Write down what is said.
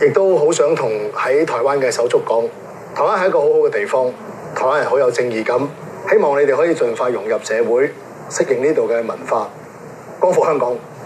亦都好想同喺台灣嘅手足講，台灣係一個好好嘅地方，台灣人好有正義感，希望你哋可以盡快融入社會，適應呢度嘅文化，光復香港。